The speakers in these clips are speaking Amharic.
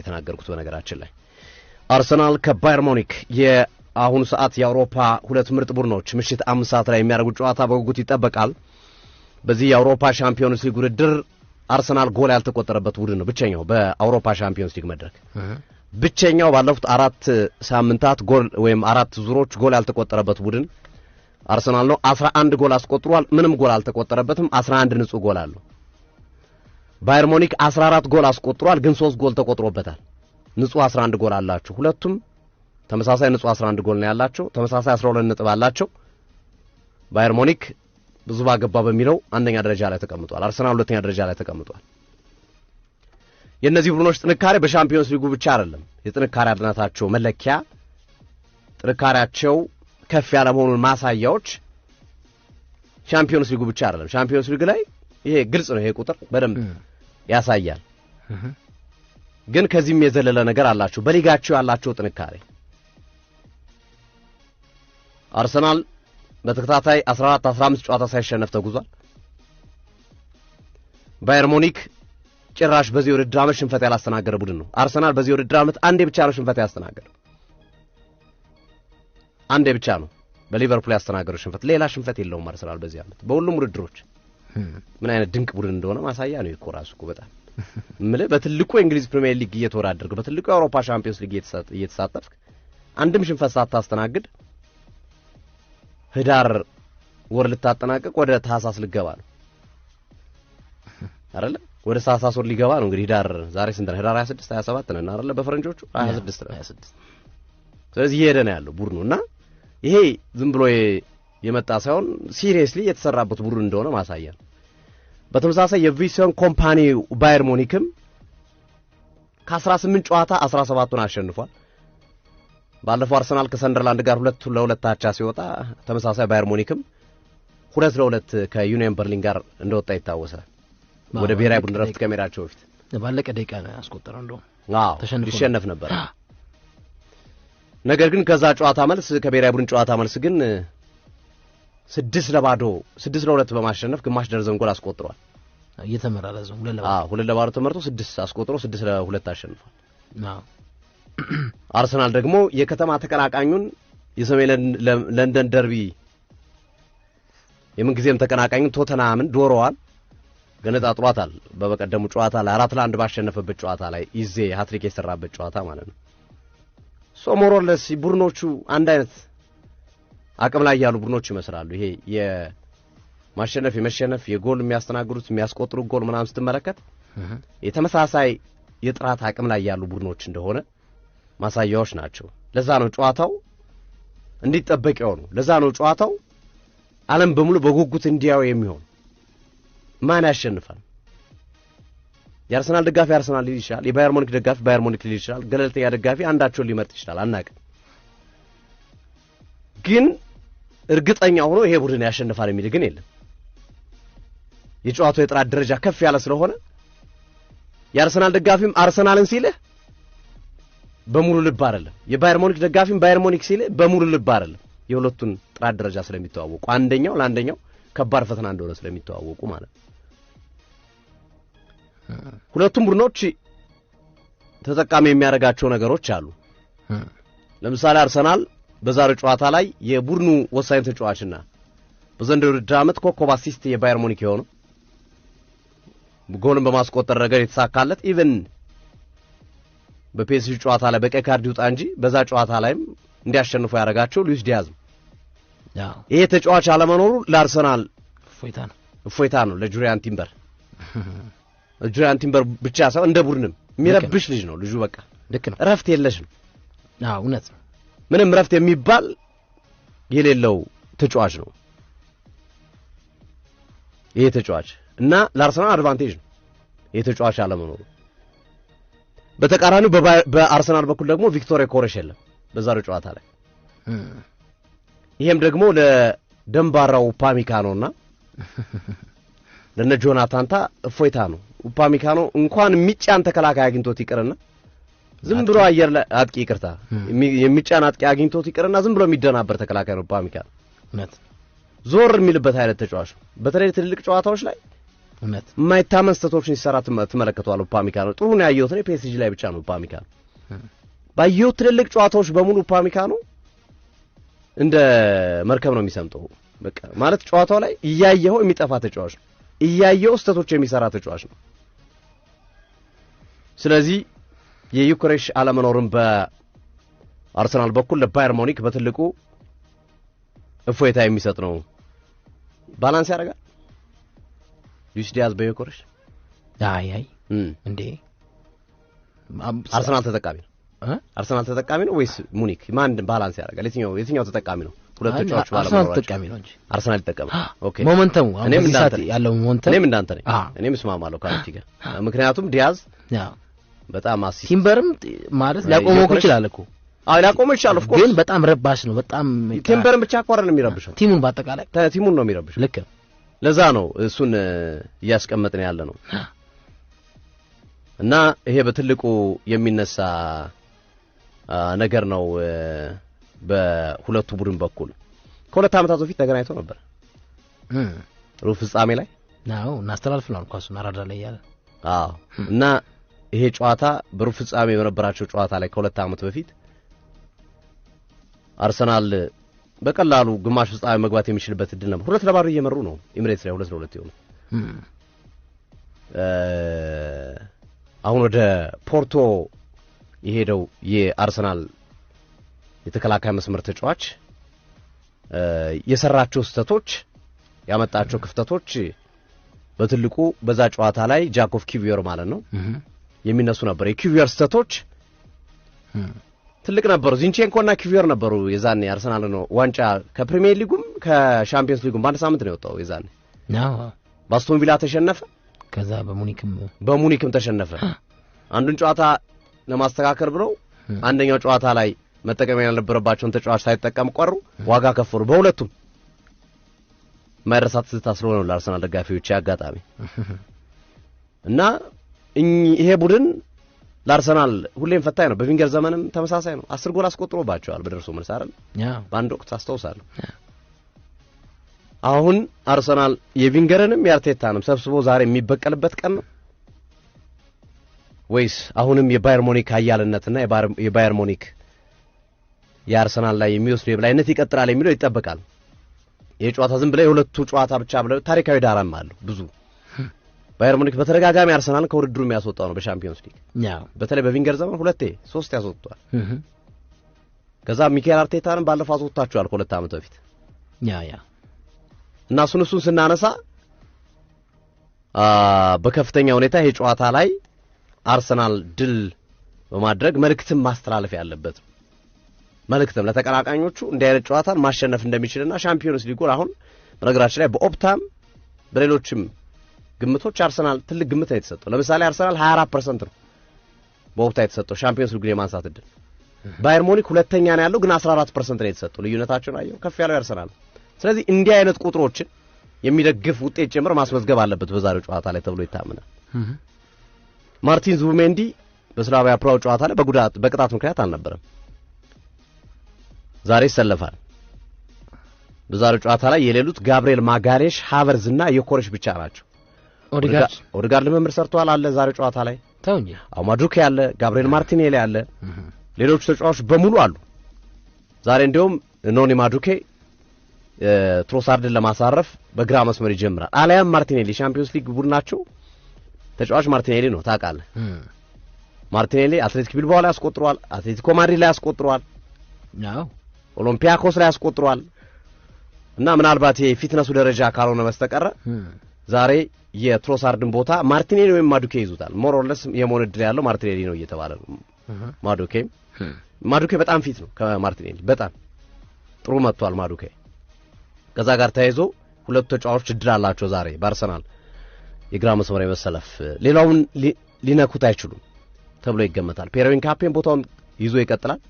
የተናገርኩት። በነገራችን ላይ አርሰናል ከባየር ሞኒክ የአሁኑ ሰዓት የአውሮፓ ሁለት ምርጥ ቡድኖች ምሽት አምስት ሰዓት ላይ የሚያደርጉት ጨዋታ በጉጉት ይጠበቃል። በዚህ የአውሮፓ ሻምፒዮንስ ሊግ ውድድር አርሰናል ጎል ያልተቆጠረበት ቡድን ነው። ብቸኛው በአውሮፓ ሻምፒዮንስ ሊግ መድረክ ብቸኛው ባለፉት አራት ሳምንታት ጎል ወይም አራት ዙሮች ጎል ያልተቆጠረበት ቡድን አርሰናል ነው። አስራ አንድ ጎል አስቆጥሯል። ምንም ጎል አልተቆጠረበትም። አስራ አንድ ንጹህ ጎል አለው። ባየር ሞኒክ 14 ጎል አስቆጥሯል፣ ግን 3 ጎል ተቆጥሮበታል። ንጹህ 11 ጎል አላቸው። ሁለቱም ተመሳሳይ ንጹህ 11 ጎል ነው ያላቸው። ተመሳሳይ 12 ነጥብ አላቸው። ባየር ሞኒክ ብዙ ባገባ በሚለው አንደኛ ደረጃ ላይ ተቀምጧል። አርሰናል ሁለተኛ ደረጃ ላይ ተቀምጧል። የእነዚህ ቡድኖች ጥንካሬ በሻምፒዮንስ ሊጉ ብቻ አይደለም የጥንካሬ አድናታቸው መለኪያ ጥንካሬያቸው ከፍ ያለ መሆኑን ማሳያዎች ሻምፒዮንስ ሊጉ ብቻ አይደለም። ሻምፒዮንስ ሊግ ላይ ይሄ ግልጽ ነው። ይሄ ቁጥር በደንብ ያሳያል። ግን ከዚህም የዘለለ ነገር አላችሁ። በሊጋችሁ ያላችሁ ጥንካሬ አርሰናል በተከታታይ 14 15 ጨዋታ ሳይሸነፍ ተጉዟል። ባየር ሙኒክ ጭራሽ በዚህ ውድድር ዓመት ሽንፈት ያላስተናገረ ቡድን ነው። አርሰናል በዚህ ውድድር ዓመት አንዴ ብቻ ነው ሽንፈት ያስተናገረ፣ አንዴ ብቻ ነው በሊቨርፑል ያስተናገረው ሽንፈት። ሌላ ሽንፈት የለውም አርሰናል በዚህ ዓመት በሁሉም ውድድሮች ምን አይነት ድንቅ ቡድን እንደሆነ ማሳያ ነው እኮ ራሱ እኮ በጣም እምልህ በትልቁ የእንግሊዝ ፕሪሚየር ሊግ እየተወዳደርክ በትልቁ የአውሮፓ ሻምፒዮንስ ሊግ እየተሳተፍክ አንድም ሽንፈት ሳታስተናግድ ህዳር ወር ልታጠናቀቅ ወደ ታህሳስ ልገባ ነው አይደለ? ወደ ታህሳስ ወር ሊገባ ነው እንግዲህ ህዳር ዛሬ ስንት ነው? ህዳር 26 27 ነን አይደለ? በፈረንጆቹ 26 ነው። ስለዚህ እየሄደ ነው ያለው ቡድኑ እና ይሄ ዝም ብሎ የመጣ ሳይሆን ሲሪየስሊ የተሰራበት ቡድን እንደሆነ ማሳያ ነው። በተመሳሳይ የቪሲዮን ኮምፓኒ ባየር ሙኒክም ከ18 ጨዋታ 17ቱን አሸንፏል። ባለፈው አርሰናል ከሰንደርላንድ ጋር ሁለት ለሁለት አቻ ሲወጣ ተመሳሳይ ባየር ሙኒክም ሁለት ለሁለት ከዩኒየን በርሊን ጋር እንደወጣ ይታወሳል። ወደ ብሔራዊ ቡድን ረፍት ከሜዳቸው በፊት ባለቀ ደቂቃ ነው ያስቆጠረው። እንደውም ይሸነፍ ነበር። ነገር ግን ከዛ ጨዋታ መልስ ከብሔራዊ ቡድን ጨዋታ መልስ ግን ስድስት ለባዶ ስድስት ለሁለት በማሸነፍ ግማሽ ደርዘን ጎል አስቆጥሯል። እየተመረረዘ እየተመራ ዘው ሁለት ለባዶ ተመርቶ ስድስት አስቆጥሮ ስድስት ለሁለት አሸንፏል። አርሰናል ደግሞ የከተማ ተቀናቃኙን የሰሜን ለንደን ደርቢ የምንጊዜም ተቀናቃኙን ቶተናምን ዶሮዋን ገነጣጥሏታል። በበቀደሙ ጨዋታ ላይ አራት ለአንድ ባሸነፈበት ጨዋታ ላይ ይዜ ሀትሪክ የሰራበት ጨዋታ ማለት ነው። ሶሞሮለስ ሞሮለስ ቡድኖቹ አንድ አይነት አቅም ላይ ያሉ ቡድኖች ይመስላሉ። ይሄ የማሸነፍ የመሸነፍ የጎል የሚያስተናግዱት የሚያስቆጥሩ ጎል ምናምን ስትመለከት የተመሳሳይ የጥራት አቅም ላይ ያሉ ቡድኖች እንደሆነ ማሳያዎች ናቸው። ለዛ ነው ጨዋታው እንዲጠበቅ የሆኑ። ለዛ ነው ጨዋታው ዓለም በሙሉ በጉጉት እንዲያው የሚሆን ማን ያሸንፋል? የአርሰናል ደጋፊ አርሰናል ሊል ይችላል። የባየር ሙኒክ ደጋፊ ባየር ሙኒክ ሊል ይችላል። ገለልተኛ ደጋፊ አንዳቸውን ሊመርጥ ይችላል። አናውቅም ግን እርግጠኛ ሆኖ ይሄ ቡድን ያሸንፋል የሚል ግን የለም። የጨዋታው የጥራት ደረጃ ከፍ ያለ ስለሆነ የአርሰናል ደጋፊም አርሰናልን ሲልህ በሙሉ ልብ አይደለም። የባየር ሞኒክ ደጋፊም ባየር ሞኒክ ሲልህ በሙሉ ልብ አይደለም። የሁለቱን ጥራት ደረጃ ስለሚተዋወቁ አንደኛው ለአንደኛው ከባድ ፈተና እንደሆነ ስለሚተዋወቁ ማለት ነው። ሁለቱም ቡድኖች ተጠቃሚ የሚያደርጋቸው ነገሮች አሉ። ለምሳሌ አርሰናል በዛሬው ጨዋታ ላይ የቡድኑ ወሳኝ ተጫዋችና በዘንድሮ ውድድር ዓመት ኮከብ አሲስት የባየር ሙኒክ የሆነው ጎልን በማስቆጠር ረገድ የተሳካለት ኢቨን በፒኤስጂ ጨዋታ ላይ በቀይ ካርድ ይውጣ እንጂ በዛ ጨዋታ ላይም እንዲያሸንፉ ያደረጋቸው ሉዊስ ዲያዝ ነው። ይሄ ተጫዋች አለመኖሩ ለአርሰናል እፎይታ ነው፣ እፎይታ ነው ለጁሪያን ቲምበር። ጁሪያን ቲምበር ብቻ ሳይሆን እንደ ቡድንም የሚረብሽ ልጅ ነው ልጁ። በቃ ልክ ነው፣ እረፍት የለሽ ነው። እውነት ነው። ምንም እረፍት የሚባል የሌለው ተጫዋች ነው ይሄ ተጫዋች እና ለአርሰናል አድቫንቴጅ ነው ይሄ ተጫዋች አለመኖሩ። በተቃራኒው በአርሰናል በኩል ደግሞ ቪክቶር ኮረሽ የለም በዛሬው ጨዋታ ላይ። ይሄም ደግሞ ለደንባራው ኡፓሚካኖ እና ለነ ጆናታንታ እፎይታ ነው። ኡፓሚካኖ እንኳን የሚጫን ተከላካይ አግኝቶት ይቅርና ዝም ብሎ አየር ላይ አጥቂ ይቅርታ የሚጫን አጥቂ አግኝቶት ይቅርና ዝም ብሎ የሚደናበር ተከላካይ ነው ኡፓሚካኖ። እውነት ዞር የሚልበት አይነት ተጫዋች ነው። በተለይ ትልልቅ ጨዋታዎች ላይ እውነት የማይታመን ስህተቶችን ሲሰራ ትመለከተዋለህ ኡፓሚካኖ። ጥሩን ያየሁት ነው ፒኤስጂ ላይ ብቻ ነው ኡፓሚካኖ። ባየሁት ትልልቅ ጨዋታዎች በሙሉ ነው እንደ መርከብ ነው የሚሰምጠው። በቃ ማለት ጨዋታው ላይ እያየኸው የሚጠፋ ተጫዋች ነው። እያየኸው ስህተቶች የሚሰራ ተጫዋች ነው። ስለዚህ የዩክሬሽ አለመኖርን በአርሰናል በኩል ለባየር ሞኒክ በትልቁ እፎይታ የሚሰጥ ነው። ባላንስ ያደርጋል። ሉዊስ ዲያዝ በዩክሬሽ አይ አይ እንዴ አርሰናል ተጠቃሚ ነው። አርሰናል ተጠቃሚ ነው ወይስ ሙኒክ? ማን ባላንስ ያደርጋል? የትኛው የትኛው ተጠቃሚ ነው? ሁለት ተጫዋቾች አርሰናል ተጠቃሚ ነው እንጂ አርሰናል ይጠቀማል። ኦኬ ሞመንተሙ እኔም እንዳንተ ያለው ሞመንተም እኔም እንዳንተ ነኝ። እኔም እስማማለሁ ካንቲ ጋር ምክንያቱም ዲያዝ በጣም አሲስት ቲምበርም ማለት ሊያቆመው እኮ ይችላል እኮ አይ ላቆመው ይችላል። ኦፍ ኮርስ ግን በጣም ረባሽ ነው። በጣም ቲምበርም ብቻ እኮ አይደለም የሚረብሸው ቲሙን በአጠቃላይ ቲሙን ነው የሚረብሸው። ልክ ለዛ ነው እሱን እያስቀመጥን ያለ ነው እና ይሄ በትልቁ የሚነሳ ነገር ነው በሁለቱ ቡድን በኩል ከሁለት ዓመታት በፊት ተገናኝቶ ነበር ሩብ ፍጻሜ ላይ አዎ እናስተላልፍ ነው አልኳሱን አራዳ ላይ እያለ አዎ እና ይሄ ጨዋታ በሩብ ፍጻሜ በነበራቸው ጨዋታ ላይ ከሁለት ዓመት በፊት አርሰናል በቀላሉ ግማሽ ፍጻሜ መግባት የሚችልበት እድል ነበር። ሁለት ለባዶ እየመሩ ነው ኤሚሬትስ ላይ ሁለት ለሁለት የሆኑ አሁን ወደ ፖርቶ የሄደው የአርሰናል የተከላካይ መስመር ተጫዋች የሰራቸው ስህተቶች ያመጣቸው ክፍተቶች በትልቁ በዛ ጨዋታ ላይ ጃኮቭ ኪቪዮር ማለት ነው የሚነሱ ነበር። የኪቪየር ስህተቶች ትልቅ ነበሩ። ዚንቼንኮና ኪቪየር ነበሩ የዛኔ አርሰናል ነው ዋንጫ ከፕሪሚየር ሊጉም ከሻምፒየንስ ሊጉም በአንድ ሳምንት ነው የወጣው። የዛኔ በአስቶን ቪላ ተሸነፈ። ከዛ በሙኒክም በሙኒክም ተሸነፈ። አንዱን ጨዋታ ለማስተካከል ብለው አንደኛው ጨዋታ ላይ መጠቀም ያልነበረባቸውን ተጫዋች ሳይጠቀም ቀሩ። ዋጋ ከፈሉ በሁለቱም። ማይረሳት ትዝታ ስለሆነ ለአርሰናል ደጋፊዎች አጋጣሚ እና ይሄ ቡድን ለአርሰናል ሁሌም ፈታኝ ነው። በቪንገር ዘመንም ተመሳሳይ ነው። አስር ጎል አስቆጥሮባቸዋል በደርሶ መልስ አይደል? በአንድ ወቅት አስታውሳለሁ። አሁን አርሰናል የቪንገርንም የአርቴታንም ሰብስቦ ዛሬ የሚበቀልበት ቀን ነው ወይስ አሁንም የባየር ሞኒክ ኃያልነትና የባየር ሞኒክ የአርሰናል ላይ የሚወስዱ የበላይነት ይቀጥላል የሚለው ይጠበቃል። የጨዋታ ዝም ብለ የሁለቱ ጨዋታ ብቻ ብለ ታሪካዊ ዳራም አለው ብዙ ባየር ሙኒክ በተደጋጋሚ አርሰናል ከውድድሩ የሚያስወጣው ነው። በሻምፒዮንስ ሊግ በተለይ በቪንገር ዘመን ሁለቴ ሶስት ያስወጥቷል። ከዛ ሚካኤል አርቴታንም ባለፈው አስወጥታችኋል ከሁለት ዓመት በፊት እና እሱን እሱን ስናነሳ በከፍተኛ ሁኔታ ይሄ ጨዋታ ላይ አርሰናል ድል በማድረግ መልእክትም ማስተላለፍ ያለበት መልእክትም ለተቀናቃኞቹ እንዲህ አይነት ጨዋታን ማሸነፍ እንደሚችልና ሻምፒዮንስ ሊጉን አሁን በነገራችን ላይ በኦፕታም በሌሎችም ግምቶች አርሰናል ትልቅ ግምት ነው የተሰጠው። ለምሳሌ አርሰናል 24% ነው በወቅታ የተሰጠው ሻምፒዮንስ ሊግ የማንሳት እድል። ባየር ሙኒክ ሁለተኛ ነው ያለው ግን 14% ነው የተሰጠው። ልዩነታቸውን አየው፣ ከፍ ያለው ያርሰናል። ስለዚህ እንዲህ አይነት ቁጥሮችን የሚደግፍ ውጤት ጭምር ማስመዝገብ አለበት በዛሬው ጨዋታ ላይ ተብሎ ይታመናል። ማርቲን ዙቢሜንዲ በስላቪያ ፕራው ጨዋታ ላይ በጉዳት በቅጣት ምክንያት አልነበረም። ዛሬ ይሰለፋል። በዛሬው ጨዋታ ላይ የሌሉት ጋብሪኤል ማጋሌሽ፣ ሃቨርዝ እና የኮረሽ ብቻ ናቸው። ኦድጋርድ ልምምድ ሰርተዋል አለ ዛሬ ጨዋታ ላይ ተውኛ አማዱኬ ያለ ጋብሪኤል ማርቲኔሊ ያለ ሌሎቹ ተጫዋቾች በሙሉ አሉ። ዛሬ እንዲሁም ኖኒ ማዱኬ ትሮሳርድን ለማሳረፍ በግራ መስመር ይጀምራል። አሊያም ማርቲኔሊ ቻምፒዮንስ ሊግ ቡድናቸው ተጫዋች ማርቲኔሊ ነው ታውቃለህ። ማርቲኔሊ አትሌቲክ ቢልባኦ ላይ አስቆጥሯል፣ አትሌቲኮ ማድሪድ ላይ ያስቆጥሯል፣ ኦሎምፒያኮስ ላይ አስቆጥሯል። እና ምናልባት የፊትነሱ ደረጃ ካልሆነ በስተቀረ ዛሬ የትሮሳርድን ቦታ ማርቲኔሊ ወይም ማዱኬ ይዙታል። ሞሮለስ የመሆን እድል ያለው ማርቲኔሊ ነው እየተባለ ነው። ማዱኬ ማዱኬ በጣም ፊት ነው ከማርቲኔሊ በጣም ጥሩ መጥቷል ማዱኬ። ከዛ ጋር ተያይዞ ሁለቱ ተጫዋቾች እድል አላቸው ዛሬ በአርሰናል የግራ መስመር የመሰለፍ ሌላውን ሊነኩት አይችሉም ተብሎ ይገመታል። ፔሮዊን ካፔን ቦታውን ይዞ ይቀጥላል።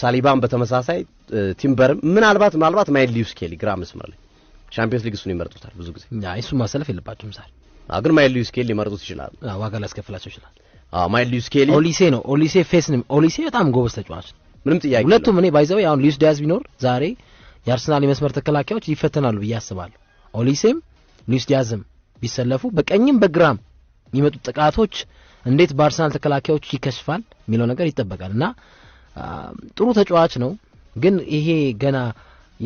ሳሊባን በተመሳሳይ ቲምበርም ምናልባት ምናልባት ማይልዩስ ኬሊ ግራ መስመር ላይ ቻምፒየንስ ሊግ እሱን ይመርጡታል ብዙ ጊዜ። እሱ ማሰለፍ የለባቸውም ዛሬ። ግን ማይል ሊዩስ ስኬሊ ሊመርጡት ይችላሉ፣ ዋጋ ሊያስከፍላቸው ይችላል። ማይል ሊዩስ ኬሊ ኦሊሴ ነው። ኦሊሴ ፌስ ነው። ኦሊሴ በጣም ጎበዝ ተጫዋች፣ ምንም ጥያቄ ሁለቱም። እኔ ባይዘው አሁን ሊዩስ ዲያዝ ቢኖር ዛሬ የአርሰናል የመስመር ተከላካዮች ይፈተናሉ ብዬ አስባለሁ። ኦሊሴም ሊዩስ ዲያዝም ቢሰለፉ በቀኝም በግራም የሚመጡት ጥቃቶች እንዴት በአርሰናል ተከላካዮች ይከሽፋል የሚለው ነገር ይጠበቃል እና ጥሩ ተጫዋች ነው ግን ይሄ ገና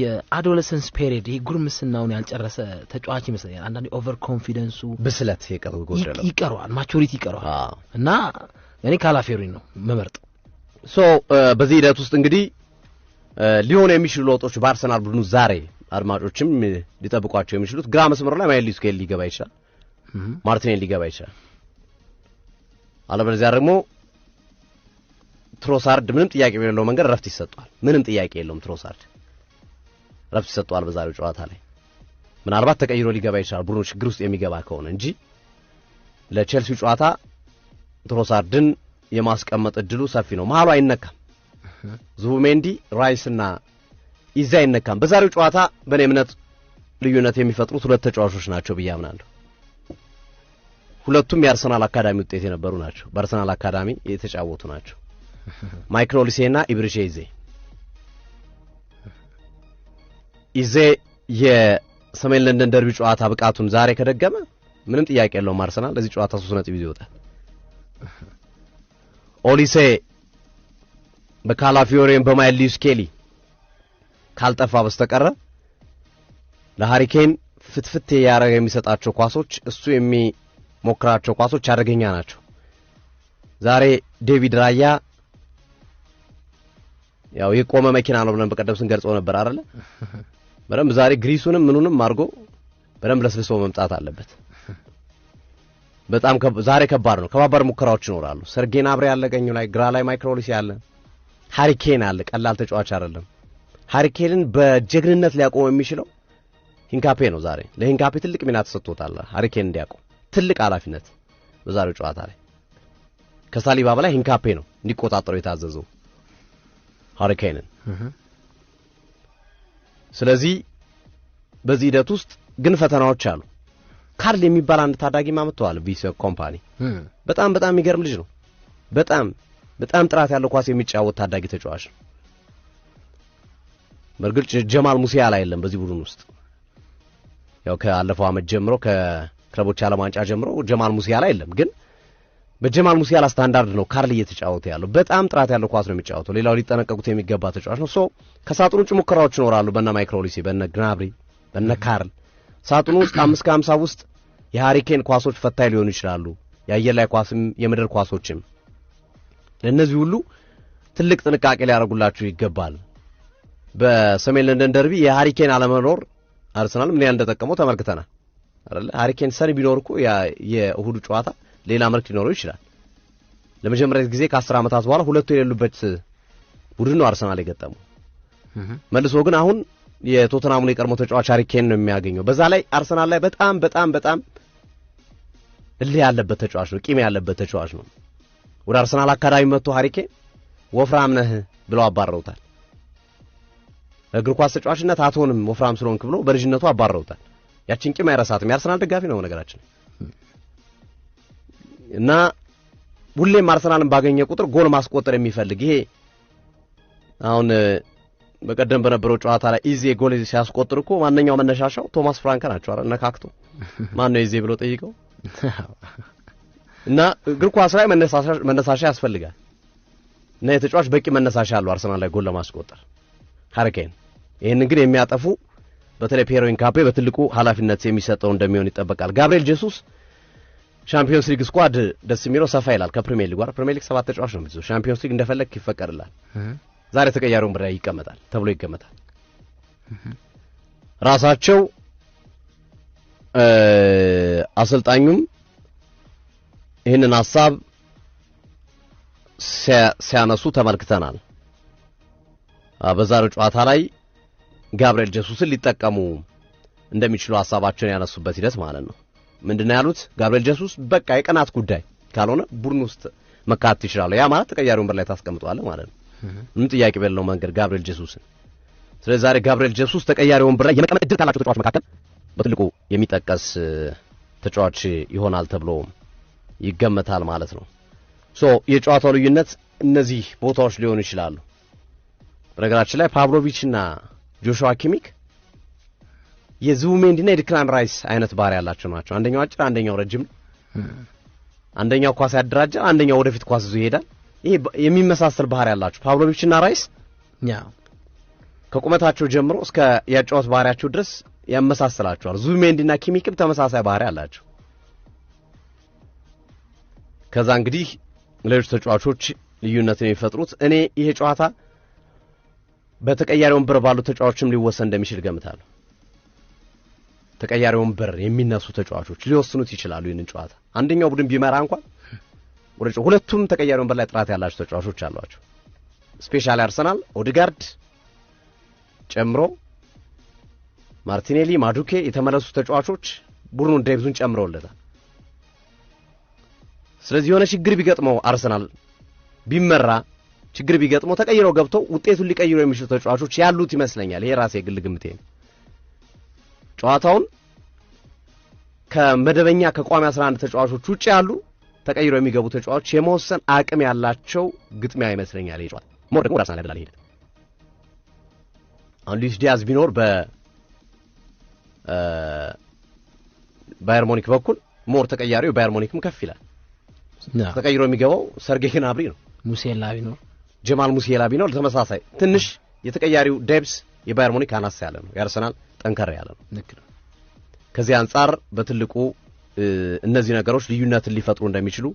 የአዶለሰንስ ፔሪድ ይህ ጉርምስናውን ያልጨረሰ ተጫዋች ይመስለኛል። አንዳንዴ ኦቨር ኮንፊደንሱ ብስለት ይቀረዋል፣ ማቹሪቲ ይቀረዋል እና እኔ ካላፊዮሪ ነው መመርጥ። ሶ በዚህ ሂደት ውስጥ እንግዲህ ሊሆኑ የሚችሉ ለውጦች በአርሰናል ቡድኑ ዛሬ አድማጮችም ሊጠብቋቸው የሚችሉት ግራ መስመር ላይ ማይልስ ሊገባ ይችላል፣ ማርቲኔል ሊገባ ይችላል። አለበለዚያ ደግሞ ትሮሳርድ ምንም ጥያቄ በሌለው መንገድ እረፍት ይሰጧል። ምንም ጥያቄ የለውም ትሮሳርድ ረፍት ይሰጠዋል በዛሬው ጨዋታ ላይ ምናልባት ተቀይሮ ሊገባ ይችላል ቡድኑ ችግር ውስጥ የሚገባ ከሆነ እንጂ ለቼልሲው ጨዋታ ትሮሳርድን የማስቀመጥ እድሉ ሰፊ ነው። መሀሉ አይነካም። ዙቢሜንዲ፣ ራይስና ኢዜ አይነካም። በዛሬው ጨዋታ በእኔ እምነት ልዩነት የሚፈጥሩት ሁለት ተጫዋቾች ናቸው ብዬ አምናለሁ። ሁለቱም የአርሰናል አካዳሚ ውጤት የነበሩ ናቸው። በአርሰናል አካዳሚ የተጫወቱ ናቸው። ማይክል ኢብሪሼ ኢዜ ኢዜ የሰሜን ለንደን ደርቢ ጨዋታ ብቃቱን ዛሬ ከደገመ ምንም ጥያቄ የለውም አርሰናል ለዚህ ጨዋታ ሶስት ነጥብ ይዞ ይወጣል። ኦሊሴ በካላፊዮሬን በማይል ሊዩስ ኬሊ ካልጠፋ በስተቀረ ለሃሪኬን ፍትፍት ያደረገ የሚሰጣቸው ኳሶች እሱ የሚሞክራቸው ኳሶች አደገኛ ናቸው። ዛሬ ዴቪድ ራያ ያው የቆመ መኪና ነው ብለን በቀደም ስንገልጸው ነበር አይደለ? በደንብ ዛሬ ግሪሱንም ምኑንም አድርጎ በደንብ ለስልሶ መምጣት አለበት። በጣም ዛሬ ከባድ ነው። ከባባድ ሙከራዎች ይኖራሉ። ሰርጌን አብሬ ያለ ቀኙ ላይ፣ ግራ ላይ ማይክሮሊስ ያለ ሃሪኬን አለ። ቀላል ተጫዋች አይደለም። ሃሪኬንን በጀግንነት ሊያቆም የሚችለው ሂንካፔ ነው። ዛሬ ለሂንካፔ ትልቅ ሚና ተሰጥቶታል። ሃሪኬን እንዲያቆም ትልቅ ኃላፊነት በዛሬው ጨዋታ ላይ ከሳሊባ በላይ ሂንካፔ ነው እንዲቆጣጠሩ የታዘዘው ሃሪኬንን ስለዚህ በዚህ ሂደት ውስጥ ግን ፈተናዎች አሉ። ካርል የሚባል አንድ ታዳጊ ማምጥተዋል ቪሴ ኮምፓኒ። በጣም በጣም የሚገርም ልጅ ነው። በጣም በጣም ጥራት ያለው ኳስ የሚጫወት ታዳጊ ተጫዋች ነው። በእርግጥ ጀማል ሙሲያላ የለም በዚህ ቡድን ውስጥ ያው ከአለፈው አመት ጀምሮ ከክለቦች ዓለም ዋንጫ ጀምሮ ጀማል ሙሲያላ የለም ግን በጀማል ሙሲያላ ስታንዳርድ ነው ካርል እየተጫወተ ያለው። በጣም ጥራት ያለው ኳስ ነው የሚጫወተው። ሌላው ሊጠነቀቁት የሚገባ ተጫዋች ነው። ሶ ከሳጥኑ ውጭ ሙከራዎች ይኖራሉ። በነ ማይክሮሊሲ፣ በነ ግናብሪ፣ በነ ካርል ሳጥኑ ውስጥ አምስት ከሀምሳ ውስጥ የሃሪኬን ኳሶች ፈታኝ ሊሆኑ ይችላሉ። የአየር ላይ ኳስም የምድር ኳሶችም ለእነዚህ ሁሉ ትልቅ ጥንቃቄ ሊያደርጉላችሁ ይገባል። በሰሜን ለንደን ደርቢ የሃሪኬን አለመኖር አርሰናል ምን ያህል እንደጠቀመው ተመልክተናል አይደለ? ሃሪኬን ሰን ቢኖር እኮ የእሁዱ ጨዋታ ሌላ መልክ ሊኖረው ይችላል። ለመጀመሪያ ጊዜ ከአስር ዓመታት በኋላ ሁለቱ የሌሉበት ቡድን ነው አርሰናል የገጠሙ። መልሶ ግን አሁን የቶተናሙን የቀድሞ ተጫዋች አሪኬን ነው የሚያገኘው። በዛ ላይ አርሰናል ላይ በጣም በጣም በጣም እልህ ያለበት ተጫዋች ነው፣ ቂም ያለበት ተጫዋች ነው። ወደ አርሰናል አካዳሚ መጥቶ ሃሪኬን ወፍራም ነህ ብለው አባረውታል። እግር ኳስ ተጫዋችነት አትሆንም ወፍራም ስለሆንክ ብሎ በልጅነቱ አባረውታል። ያችን ቂም አይረሳትም። የአርሰናል ደጋፊ ነው ነገራችን እና ሁሌም አርሰናልን ባገኘ ቁጥር ጎል ማስቆጠር የሚፈልግ ይሄ አሁን በቀደም በነበረው ጨዋታ ላይ ኢዜ ጎል ሲያስቆጥር እኮ ማንኛው መነሻሻው ቶማስ ፍራንከ ናቸው። አረ ነካክቶ ማን ነው ኢዜ ብሎ ጠይቀው እና እግር ኳስ ላይ መነሳሻ ያስፈልጋል እና የተጫዋች በቂ መነሳሻ አለው አርሰናል ላይ ጎል ለማስቆጠር ሀሪኬን። ይህንን ግን የሚያጠፉ በተለይ ፔሮን ካፔ በትልቁ ኃላፊነት የሚሰጠው እንደሚሆን ይጠበቃል። ጋብሪኤል ጄሱስ ሻምፒዮንስ ሊግ ስኳድ ደስ የሚለው ሰፋ ይላል ከፕሪሚየር ሊግ ጋር። ፕሪሚየር ሊግ ሰባት ተጫዋች ነው የሚይዘው። ሻምፒዮንስ ሊግ እንደፈለግ ይፈቀድላል። ዛሬ ተቀያሪ ብራ ይቀመጣል ተብሎ ይገመታል። ራሳቸው አሰልጣኙም ይህንን ሀሳብ ሲያነሱ ተመልክተናል። በዛሬው ጨዋታ ላይ ጋብርኤል ጀሱስን ሊጠቀሙ እንደሚችሉ ሀሳባቸውን ያነሱበት ሂደት ማለት ነው። ምንድነው ያሉት ጋብርኤል ጀሱስ በቃ የቀናት ጉዳይ ካልሆነ ቡድን ውስጥ መካት ይችላሉ። ያ ማለት ተቀያሪ ወንበር ላይ ታስቀምጠዋለህ ማለት ነው፣ ምን ጥያቄ በሌለው መንገድ ጋብርኤል ጀሱስን። ስለዚህ ዛሬ ጋብርኤል ጀሱስ ተቀያሪ ወንበር ላይ የመቀመጥ እድል ካላቸው ተጫዋች መካከል በትልቁ የሚጠቀስ ተጫዋች ይሆናል ተብሎ ይገመታል ማለት ነው። ሶ የጨዋታው ልዩነት እነዚህ ቦታዎች ሊሆኑ ይችላሉ። በነገራችን ላይ ፓብሎቪችና ጆሹዋ ኪሚክ የዙሜንዲና የዲክላን ራይስ አይነት ባህሪ ያላቸው ናቸው። አንደኛው አጭር፣ አንደኛው ረጅም አንደኛው ኳስ ያደራጃል፣ አንደኛው ወደፊት ኳስ ይዞ ይሄዳል። ይሄ የሚመሳሰል ባህሪ ያላቸው ፓብሎቪችና ራይስ ከቁመታቸው ጀምሮ እስከ ያጫወት ባህሪያቸው ድረስ ያመሳስላቸዋል። ዙሜንዲና ኪሚክም ተመሳሳይ ባህሪ አላቸው። ከዛ እንግዲህ ሌሎች ተጫዋቾች ልዩነት የሚፈጥሩት እኔ ይሄ ጨዋታ በተቀያሪ ወንበር ባሉ ተጫዋቾችም ሊወሰን እንደሚችል ገምታለሁ። ተቀያሪ ወንበር የሚነሱ ተጫዋቾች ሊወስኑት ይችላሉ። ይህንን ጨዋታ አንደኛው ቡድን ቢመራ እንኳን ሁለቱም ተቀያሪ ወንበር ላይ ጥራት ያላቸው ተጫዋቾች አሏቸው። ስፔሻሊ አርሰናል ኦድጋርድ ጨምሮ ማርቲኔሊ፣ ማዱኬ የተመለሱ ተጫዋቾች ቡድኑን ደብዙን ጨምረውለታል። ስለዚህ የሆነ ችግር ቢገጥመው አርሰናል ቢመራ ችግር ቢገጥመው ተቀይረው ገብተው ውጤቱን ሊቀይሩ የሚችሉ ተጫዋቾች ያሉት ይመስለኛል። ይሄ ራሴ የግል ግምቴ ነው። ጨዋታውን ከመደበኛ ከቋሚ 11 ተጫዋቾች ውጭ ያሉ ተቀይሮ የሚገቡ ተጫዋቾች የመወሰን አቅም ያላቸው ግጥሚያ ይመስለኛል። ይጫዋል ሞር ደግሞ ራስን ያደላል። ይሄድ አሁን ሉዊስ ዲያዝ ቢኖር በባየር ሞኒክ በኩል ሞር ተቀያሪው ባየር ሞኒክም ከፍ ይላል። ተቀይሮ የሚገባው ሰርጌ ግናብሪ ነው። ሙሴላ ቢኖር ጀማል ሙሴላ ቢኖር ተመሳሳይ ትንሽ የተቀያሪው ደብስ የባየር ሞኒክ አናሳ ያለ ነው። ያርሰናል ጠንከር ያለ ነው። ከዚህ አንጻር በትልቁ እነዚህ ነገሮች ልዩነትን ሊፈጥሩ እንደሚችሉ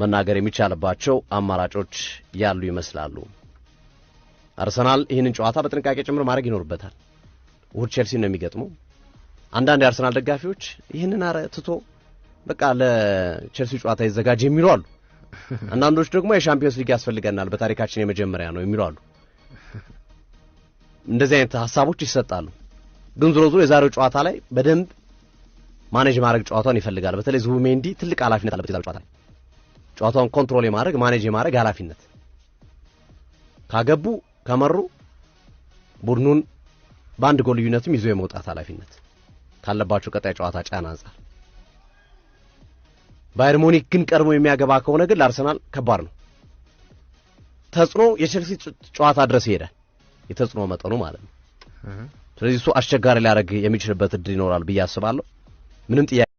መናገር የሚቻልባቸው አማራጮች ያሉ ይመስላሉ። አርሰናል ይህንን ጨዋታ በጥንቃቄ ጭምር ማድረግ ይኖርበታል። እሁድ ቼልሲ ነው የሚገጥመው። አንዳንድ የአርሰናል ደጋፊዎች ይህንን አረ ትቶ በቃ ለቼልሲ ጨዋታ ይዘጋጅ የሚሉ አሉ። አንዳንዶች ደግሞ የሻምፒዮንስ ሊግ ያስፈልገናል በታሪካችን የመጀመሪያ ነው የሚሉ አሉ። እንደዚህ አይነት ሀሳቦች ይሰጣሉ። ግን ዞሮ ዞሮ የዛሬው ጨዋታ ላይ በደንብ ማኔጅ ማድረግ ጨዋታውን ይፈልጋል። በተለይ ዙቢሜንዲ ትልቅ ኃላፊነት አለበት። የዛሬው ጨዋታ ላይ ጨዋታውን ኮንትሮል የማድረግ ማኔጅ የማድረግ ኃላፊነት ካገቡ ከመሩ ቡድኑን በአንድ ጎል ልዩነትም ይዞ የመውጣት ኃላፊነት ካለባቸው ቀጣይ ጨዋታ ጫና አንጻር ባየር ሙኒክ ግን ቀድሞ የሚያገባ ከሆነ ግን ለአርሰናል ከባድ ነው። ተጽዕኖ የቼልሲ ጨዋታ ድረስ ይሄዳል። የተጽዕኖ መጠኑ ማለት ነው። ስለዚህ እሱ አስቸጋሪ ሊያደርግ የሚችልበት እድል ይኖራል ብዬ አስባለሁ። ምንም ጥያቄ